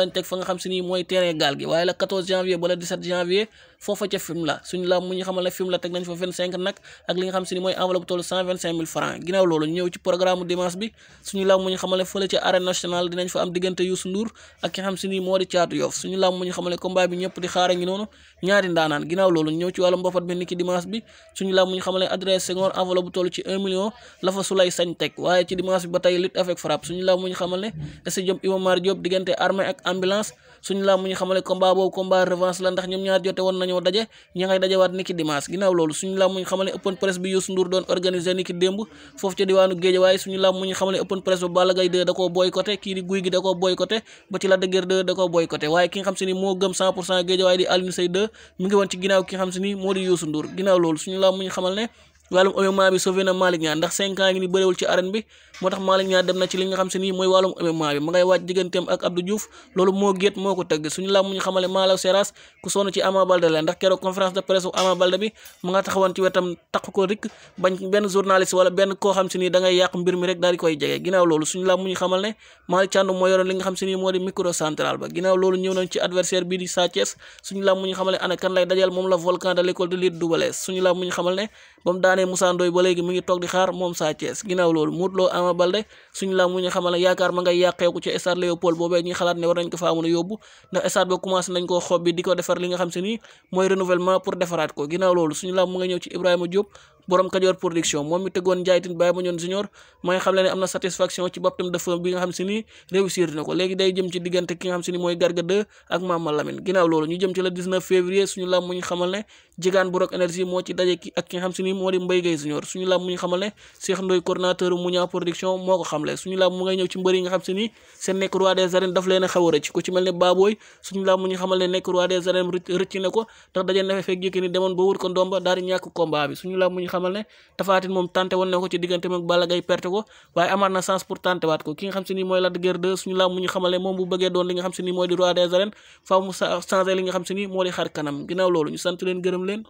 leen teg fa nga xam si nii mooy terrain gaal gi waaye la 14 janvier ba la 17 janvier foofa ca film la suñu la mu xamal ne film la teg nañ fa am diggante Youssou Ndour ak xam si nii moo di Thiatou Yoff suñu ñu la mu xamal ne adresse Senghor enveloppe bu ci 1 million la fa Soulay Sagne teg waaye ci dimanche bi ba tey lutte avec frappe suñu la mu xamal ne stadium Iba Mar Diop diggante armée ambulance suñu làmb ñu xamale combat boobu combat revanche la ndax ñoom ñaar jote woon nañoo daje ña ngay dajewaat ni ki dimanche ginnaaw loolu suñu ñu xamale open press ni open press ba Balla Gaye 2 da kii guy gi da koo ba ci Lac de Guiers 2 da waaye ki xam se ni moo gëm 100 pour cent Géejawaay di Alioune Seye 2 mi ngi woon ci ginnaaw ki xam se ni moo di Youssou Ndour ginnaaw loolu suñu làmb ñu xamal ne wàllum MMA bi sauvé na Malick Niang ndax cinq ans ngi ni bëréwul ci arène bi moo tax Malick Niang dem na ci li nga xam se nii mooy wàllum MMA bi ma ngay moo géet moo ko ci wetam taq ko rik bañ benn journaliste wala benn koo xam se nii da yàq mbir mi rek daal di koy jege ginnaaw loolu suñu làmm ñu xamal ne Malick Thiandoum moo yoroon li nga xam se nii moo di micro central ba ginnaaw loolu ñëw nañ ci adversaire bii di Sa Thiès suñu làmm ñu la volcan ñu xamal ne Moussa Ndoye mu ngi toog di xaar moom Sa Thiès ginnaaw loolu Modou Lo Ama Baldé suñu laa mu ñu xamal yaakaar ma ngay yàqeeku ci stade Léopold boobee ñuy xalaat ne war nañ ko faa mën yóbbu ndax stade ba commencé nañ koo xob bi di ko defar li nga xam se ni mooy renouvellement pour defaraat ko ginnaaw loolu suñu laa mu nga ñëw ci Ibrahima Diop borom Kajoor production moom mi tegoon Ndiaye Tine Baye Mandione Junior mooy xam ne am na satisfaction ci boppam dafa bi nga xam si ni réussir na ko léegi day jëm ci diggante ki nga xam si ni mooy di Mbaye Gueye Junior suñu ñu xamal mu ngay ñëw ci mbër nga xam si ni seen nekk roi des arènes daf leen a a rëcc ku ci mel ne Baboy suñu làmb mu ñu xamal ne nekk roi des arènes rëcc na ko ndax daje na fekk Yékini demoon ba wut ko ndomba daal di ñàkk xamal ne Tapha moom tante woon na ko ci diggante moom Balla Gaye perte ko waaye amaat na chance pour tante waat ko ki nga xam si nii mooy Lac de Guiers 2 suñu mu ñu xamal ne moom bu bëggee doon li nga xam si nii mooy di roi des arènes faaw mu changé li nga xam si nii moo di xar kanam ginnaaw loolu ñu sant leen gërëm leen